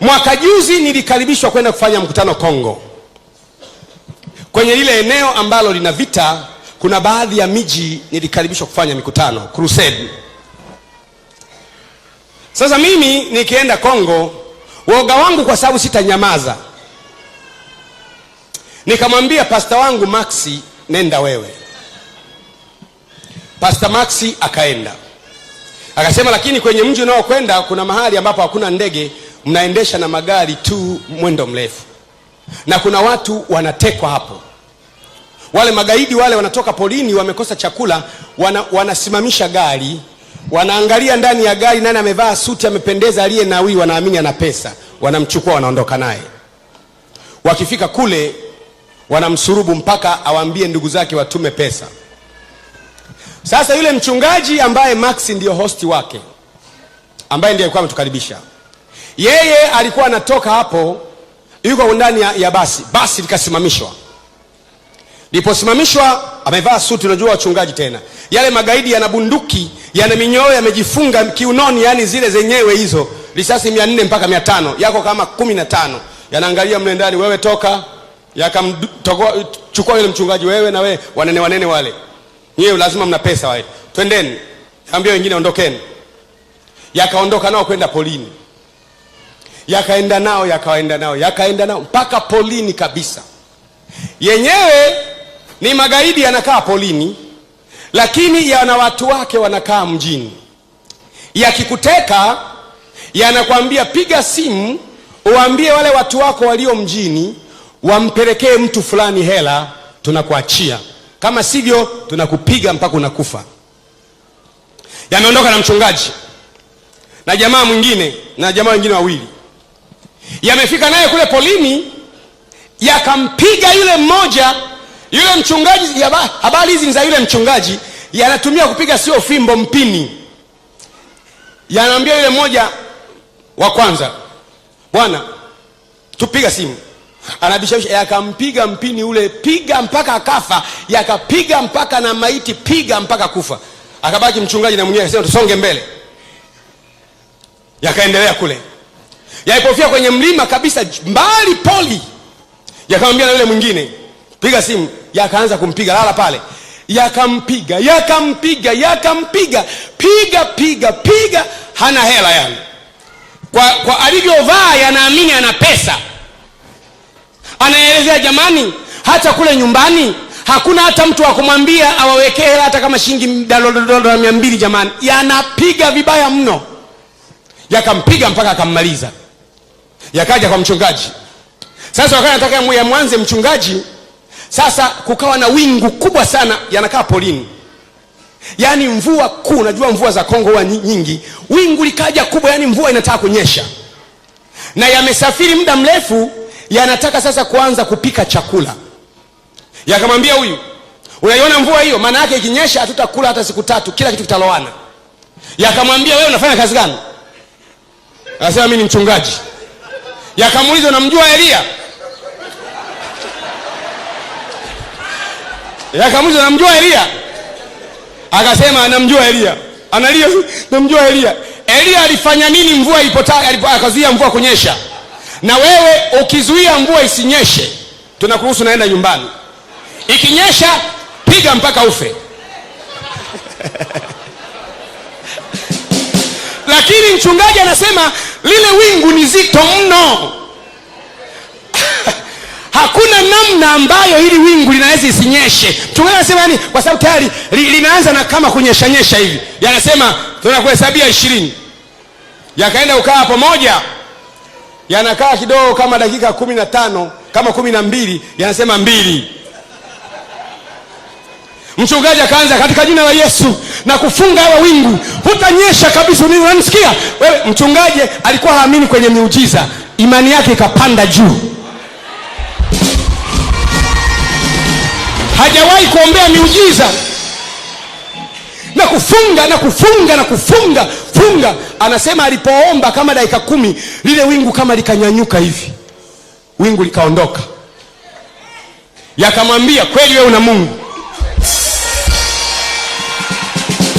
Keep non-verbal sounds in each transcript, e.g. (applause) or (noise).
Mwaka juzi nilikaribishwa kwenda kufanya mkutano Kongo, kwenye lile eneo ambalo lina vita. Kuna baadhi ya miji nilikaribishwa kufanya mikutano crusade. Sasa mimi nikienda Kongo, woga wangu kwa sababu sitanyamaza, nikamwambia pasta wangu Maxi, nenda wewe. Pasta Maxi akaenda akasema, lakini kwenye mji unaokwenda kuna mahali ambapo hakuna ndege mnaendesha na magari tu mwendo mrefu, na kuna watu wanatekwa hapo. Wale magaidi wale wanatoka polini, wamekosa chakula, wana, wanasimamisha gari, wanaangalia ndani ya gari, nani amevaa suti, amependeza, aliye nawii, wanaamini ana pesa, wanamchukua, wanaondoka naye. Wakifika kule wanamsurubu mpaka awaambie ndugu zake watume pesa. Sasa yule mchungaji ambaye Max ndiyo hosti wake, ambaye ndiye alikuwa ametukaribisha yeye alikuwa anatoka hapo, yuko ndani ya, ya basi. Basi likasimamishwa, liposimamishwa amevaa suti. Unajua wachungaji tena, yale magaidi yana bunduki, yana minyoo, yamejifunga kiunoni, yani zile zenyewe hizo risasi mia nne mpaka mia tano yako kama kumi na tano yanaangalia mle ndani, wewe toka, yakamchukua yule mchungaji, wewe na wewe, wanene wanene wale, nyewe lazima mna pesa wale, twendeni, ambia wengine ondokeni, yakaondoka nao kwenda polini yakaenda nao yakaenda nao yakaenda nao mpaka polini kabisa. Yenyewe ni magaidi, yanakaa polini, lakini yana watu wake wanakaa mjini. Yakikuteka yanakwambia piga simu uambie wale watu wako walio mjini wampelekee mtu fulani hela, tunakuachia, kama sivyo tunakupiga mpaka unakufa. Yameondoka na mchungaji na jamaa mwingine na jamaa wengine wawili yamefika naye kule polini, yakampiga yule mmoja yule mchungaji. Habari hizi ni za yule mchungaji, yanatumia kupiga sio fimbo, mpini. Yanaambia yule mmoja wa kwanza, bwana, tupiga simu anabishabisha yakampiga mpini ule, piga mpaka kafa yakapiga mpaka na maiti, piga mpaka kufa. Akabaki mchungaji na mwenyewe akasema tusonge mbele, yakaendelea kule. Yaipofia kwenye mlima kabisa mbali poli, yakamwambia na yule mwingine piga simu, yakaanza kumpiga lala pale, yakampiga yakampiga yakampiga piga piga piga, hana hela yani. Kwa, kwa alivyovaa yanaamini ana pesa, anaelezea jamani, hata kule nyumbani hakuna hata mtu wa kumwambia awawekee hela hata kama shilingi dola mia mbili. Jamani, yanapiga vibaya mno, yakampiga mpaka akammaliza yakaja kwa mchungaji. Sasa wakati nataka ya mwanze mchungaji, sasa kukawa na wingu kubwa sana, yanakaa polini, yaani mvua kuu. Unajua mvua za Kongo huwa nyingi, wingu likaja kubwa, yaani mvua inataka kunyesha, na yamesafiri muda mrefu, yanataka sasa kuanza kupika chakula. Yakamwambia huyu, unaiona mvua hiyo? Maana yake ikinyesha hatutakula hata siku tatu, kila kitu kitalowana. Yakamwambia wewe unafanya kazi gani? Anasema mimi ni mchungaji. Yakamuuliza, unamjua Elia? Yakamuuliza, unamjua Elia? Akasema anamjua Elia, analia, namjua elia Elia alifanya nini? Mvua ipotaka, akazuia mvua kunyesha. Na wewe ukizuia mvua isinyeshe, tunakuruhusu naenda nyumbani, ikinyesha piga mpaka ufe. (laughs) lakini mchungaji anasema lile wingu ni zito mno. (laughs) Hakuna namna ambayo hili wingu linaweza isinyeshe. Mchungaji anasema yani, kwa sababu tayari li, linaanza na kama kunyeshanyesha hivi, yanasema tunakuhesabia ishirini, yakaenda ukaa pamoja, yanakaa kidogo kama dakika kumi na tano kama kumi na mbili, yanasema mbili Mchungaji akaanza katika jina la Yesu na kufunga hawa wingu, hutanyesha kabisa. Unanisikia wewe? Mchungaji alikuwa haamini kwenye miujiza, imani yake ikapanda juu. Hajawahi kuombea miujiza na kufunga na kufunga na kufunga funga. Anasema alipoomba kama dakika kumi, lile wingu kama likanyanyuka hivi, wingu likaondoka, yakamwambia kweli, wewe una Mungu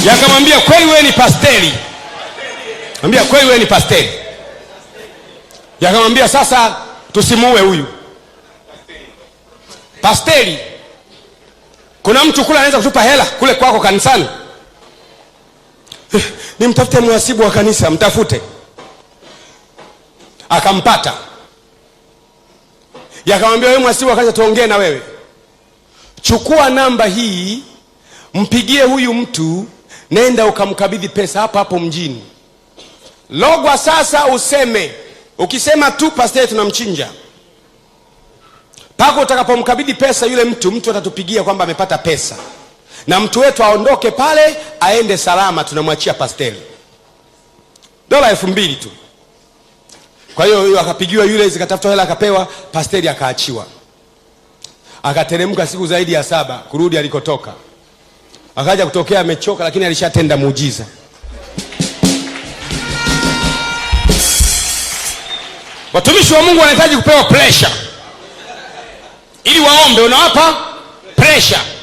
yakamwambia kweli wewe ni pasteli, ambia kweli wewe ni pasteli. Yakamwambia sasa tusimuue huyu pasteli. Kuna mtu kule anaweza kutupa hela kule kwako kanisani? Eh, nimtafute mhasibu wa kanisa, mtafute. Akampata, yakamwambia wewe mwasibu wa kanisa, tuongee na wewe, chukua namba hii, mpigie huyu mtu nenda ukamkabidhi pesa hapa hapo mjini. Logwa sasa useme, ukisema tu pastor tunamchinja pako utakapomkabidhi pesa yule mtu, mtu atatupigia kwamba amepata pesa na mtu wetu aondoke pale aende salama, tunamwachia pasteli dola elfu mbili tu. Kwa hiyo akapigiwa yule, zikatafutwa hela, akapewa pasteli, akaachiwa. Akateremka siku zaidi ya saba kurudi alikotoka akaja kutokea amechoka, lakini alishatenda muujiza. Watumishi wa Mungu wanahitaji kupewa pressure ili waombe, unawapa pressure.